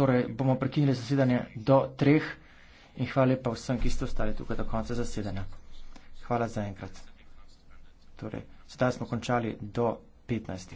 Torej bomo prekinili zasedanje do treh in hvala pa vsem, ki ste ostali tukaj do konca zasedanja. Hvala za enkrat. Torej, sedaj smo končali do 15.